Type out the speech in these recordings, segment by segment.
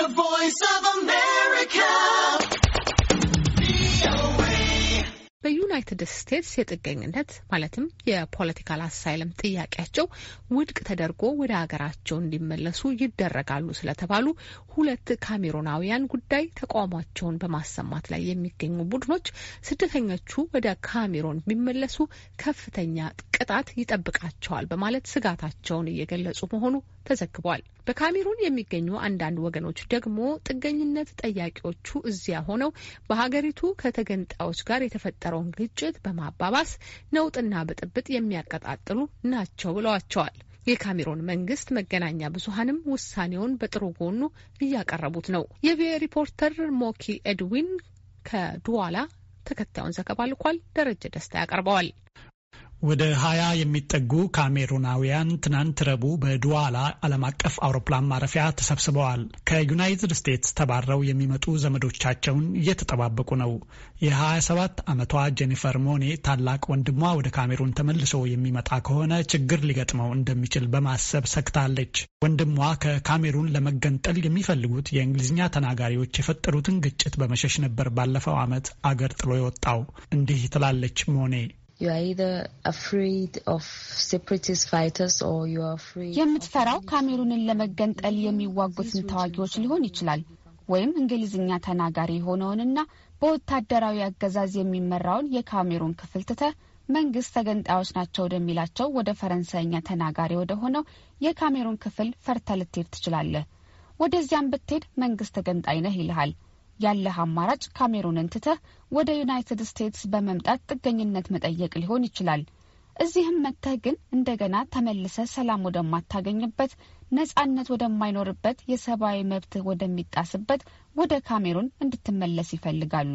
The Voice of America. በዩናይትድ ስቴትስ የጥገኝነት ማለትም የፖለቲካል አሳይለም ጥያቄያቸው ውድቅ ተደርጎ ወደ ሀገራቸው እንዲመለሱ ይደረጋሉ ስለተባሉ ሁለት ካሜሮናውያን ጉዳይ ተቃውሟቸውን በማሰማት ላይ የሚገኙ ቡድኖች ስደተኞቹ ወደ ካሜሮን ቢመለሱ ከፍተኛ ቅጣት ይጠብቃቸዋል በማለት ስጋታቸውን እየገለጹ መሆኑ ተዘግቧል። በካሜሩን የሚገኙ አንዳንድ ወገኖች ደግሞ ጥገኝነት ጠያቂዎቹ እዚያ ሆነው በሀገሪቱ ከተገንጣዮች ጋር የተፈጠረውን ግጭት በማባባስ ነውጥና ብጥብጥ የሚያቀጣጥሉ ናቸው ብለዋቸዋል። የካሜሮን መንግስት መገናኛ ብዙሀንም ውሳኔውን በጥሩ ጎኑ እያቀረቡት ነው። የቪኦኤ ሪፖርተር ሞኪ ኤድዊን ከዱዋላ ተከታዩን ዘገባ ልኳል። ደረጀ ደስታ ያቀርበዋል። ወደ ሀያ የሚጠጉ ካሜሩናውያን ትናንት ረቡዕ በዱዋላ ዓለም አቀፍ አውሮፕላን ማረፊያ ተሰብስበዋል። ከዩናይትድ ስቴትስ ተባረው የሚመጡ ዘመዶቻቸውን እየተጠባበቁ ነው። የ27 ዓመቷ ጄኒፈር ሞኔ ታላቅ ወንድሟ ወደ ካሜሩን ተመልሶ የሚመጣ ከሆነ ችግር ሊገጥመው እንደሚችል በማሰብ ሰግታለች። ወንድሟ ከካሜሩን ለመገንጠል የሚፈልጉት የእንግሊዝኛ ተናጋሪዎች የፈጠሩትን ግጭት በመሸሽ ነበር ባለፈው ዓመት አገር ጥሎ የወጣው። እንዲህ ትላለች ሞኔ የምትፈራው ካሜሩንን ለመገንጠል የሚዋጉትን ተዋጊዎች ሊሆን ይችላል ወይም እንግሊዝኛ ተናጋሪ የሆነውንና በወታደራዊ አገዛዝ የሚመራውን የካሜሩን ክፍል ትተህ መንግስት ተገንጣዮች ናቸው ወደሚላቸው ወደ ፈረንሳይኛ ተናጋሪ ወደ ሆነው የካሜሩን ክፍል ፈርተ ልትሄድ ትችላለህ። ወደዚያም ብትሄድ መንግስት ተገንጣይ ነህ ይልሃል። ያለህ አማራጭ ካሜሩንን ትተህ ወደ ዩናይትድ ስቴትስ በመምጣት ጥገኝነት መጠየቅ ሊሆን ይችላል። እዚህም መጥተህ ግን እንደገና ተመልሰ ሰላም ወደማታገኝበት፣ ነጻነት ወደማይኖርበት፣ የሰብአዊ መብትህ ወደሚጣስበት ወደ ካሜሩን እንድትመለስ ይፈልጋሉ።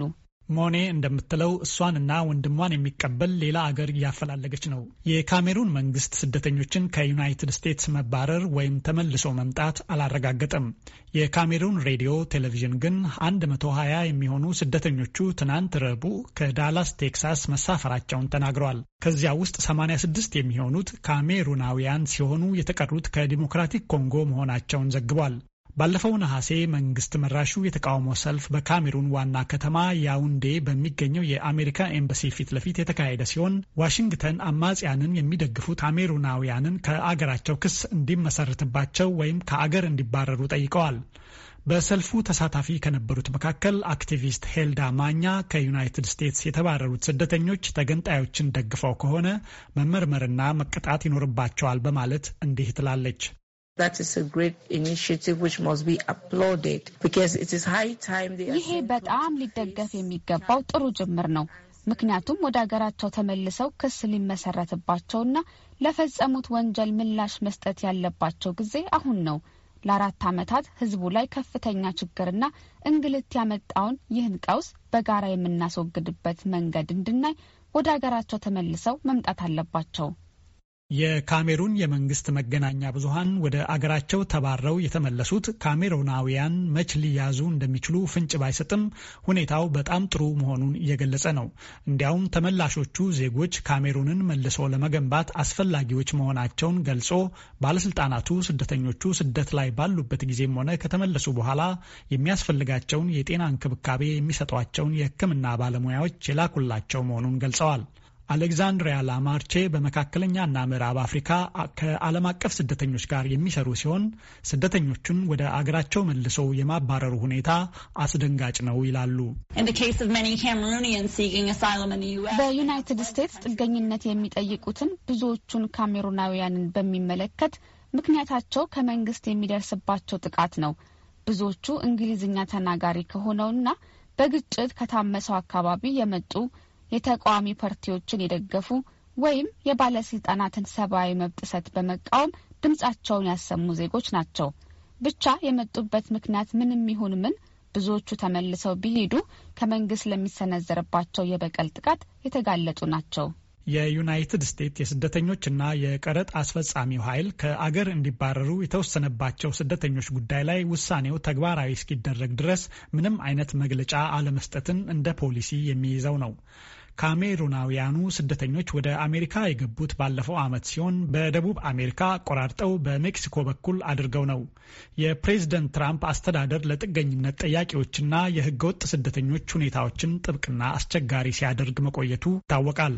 ሞኔ እንደምትለው እሷንና ወንድሟን የሚቀበል ሌላ አገር እያፈላለገች ነው። የካሜሩን መንግስት ስደተኞችን ከዩናይትድ ስቴትስ መባረር ወይም ተመልሶ መምጣት አላረጋገጠም። የካሜሩን ሬዲዮ ቴሌቪዥን ግን 120 የሚሆኑ ስደተኞቹ ትናንት ረቡዕ ከዳላስ ቴክሳስ መሳፈራቸውን ተናግረዋል። ከዚያ ውስጥ 86 የሚሆኑት ካሜሩናውያን ሲሆኑ የተቀሩት ከዲሞክራቲክ ኮንጎ መሆናቸውን ዘግቧል። ባለፈው ነሐሴ መንግስት መራሹ የተቃውሞ ሰልፍ በካሜሩን ዋና ከተማ ያውንዴ በሚገኘው የአሜሪካ ኤምባሲ ፊት ለፊት የተካሄደ ሲሆን ዋሽንግተን አማጽያንን የሚደግፉ ካሜሩናውያንን ከአገራቸው ክስ እንዲመሰርትባቸው ወይም ከአገር እንዲባረሩ ጠይቀዋል። በሰልፉ ተሳታፊ ከነበሩት መካከል አክቲቪስት ሄልዳ ማኛ ከዩናይትድ ስቴትስ የተባረሩት ስደተኞች ተገንጣዮችን ደግፈው ከሆነ መመርመርና መቀጣት ይኖርባቸዋል በማለት እንዲህ ትላለች። ይሄ በጣም ሊደገፍ የሚገባው ጥሩ ጅምር ነው። ምክንያቱም ወደ ሀገራቸው ተመልሰው ክስ ሊመሰረትባቸውና ለፈጸሙት ወንጀል ምላሽ መስጠት ያለባቸው ጊዜ አሁን ነው። ለአራት ዓመታት ህዝቡ ላይ ከፍተኛ ችግርና እንግልት ያመጣውን ይህን ቀውስ በጋራ የምናስወግድበት መንገድ እንድናይ ወደ ሀገራቸው ተመልሰው መምጣት አለባቸው። የካሜሩን የመንግስት መገናኛ ብዙሃን ወደ አገራቸው ተባረው የተመለሱት ካሜሩናውያን መች ሊያዙ እንደሚችሉ ፍንጭ ባይሰጥም ሁኔታው በጣም ጥሩ መሆኑን እየገለጸ ነው። እንዲያውም ተመላሾቹ ዜጎች ካሜሩንን መልሶ ለመገንባት አስፈላጊዎች መሆናቸውን ገልጾ ባለስልጣናቱ ስደተኞቹ ስደት ላይ ባሉበት ጊዜም ሆነ ከተመለሱ በኋላ የሚያስፈልጋቸውን የጤና እንክብካቤ የሚሰጧቸውን የሕክምና ባለሙያዎች የላኩላቸው መሆኑን ገልጸዋል። አሌግዛንድሪያ ላማርቼ በመካከለኛና ምዕራብ አፍሪካ ከዓለም አቀፍ ስደተኞች ጋር የሚሰሩ ሲሆን ስደተኞቹን ወደ አገራቸው መልሰው የማባረሩ ሁኔታ አስደንጋጭ ነው ይላሉ። በዩናይትድ ስቴትስ ጥገኝነት የሚጠይቁትን ብዙዎቹን ካሜሩናውያንን በሚመለከት ምክንያታቸው ከመንግስት የሚደርስባቸው ጥቃት ነው። ብዙዎቹ እንግሊዝኛ ተናጋሪ ከሆነውና በግጭት ከታመሰው አካባቢ የመጡ የተቃዋሚ ፓርቲዎችን የደገፉ ወይም የባለስልጣናትን ሰብአዊ መብት ጥሰት በመቃወም ድምጻቸውን ያሰሙ ዜጎች ናቸው። ብቻ የመጡበት ምክንያት ምንም ይሁን ምን ብዙዎቹ ተመልሰው ቢሄዱ ከመንግስት ለሚሰነዘርባቸው የበቀል ጥቃት የተጋለጡ ናቸው። የዩናይትድ ስቴትስ የስደተኞችና የቀረጥ አስፈጻሚው ኃይል ከአገር እንዲባረሩ የተወሰነባቸው ስደተኞች ጉዳይ ላይ ውሳኔው ተግባራዊ እስኪደረግ ድረስ ምንም አይነት መግለጫ አለመስጠትን እንደ ፖሊሲ የሚይዘው ነው። ካሜሩናውያኑ ስደተኞች ወደ አሜሪካ የገቡት ባለፈው ዓመት ሲሆን በደቡብ አሜሪካ ቆራርጠው በሜክሲኮ በኩል አድርገው ነው። የፕሬዝደንት ትራምፕ አስተዳደር ለጥገኝነት ጠያቂዎችና የህገወጥ ስደተኞች ሁኔታዎችን ጥብቅና አስቸጋሪ ሲያደርግ መቆየቱ ይታወቃል።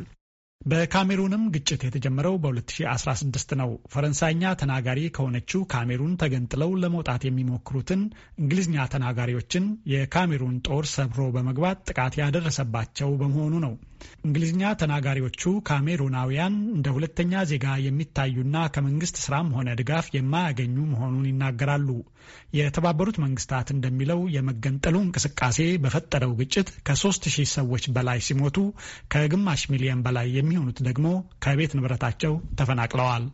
በካሜሩንም ግጭት የተጀመረው በ2016 ነው። ፈረንሳይኛ ተናጋሪ ከሆነችው ካሜሩን ተገንጥለው ለመውጣት የሚሞክሩትን እንግሊዝኛ ተናጋሪዎችን የካሜሩን ጦር ሰብሮ በመግባት ጥቃት ያደረሰባቸው በመሆኑ ነው። እንግሊዝኛ ተናጋሪዎቹ ካሜሩናውያን እንደ ሁለተኛ ዜጋ የሚታዩና ከመንግስት ስራም ሆነ ድጋፍ የማያገኙ መሆኑን ይናገራሉ። የተባበሩት መንግስታት እንደሚለው የመገንጠሉ እንቅስቃሴ በፈጠረው ግጭት ከሶስት ሺህ ሰዎች በላይ ሲሞቱ ከግማሽ ሚሊዮን በላይ የሚሆኑት ደግሞ ከቤት ንብረታቸው ተፈናቅለዋል።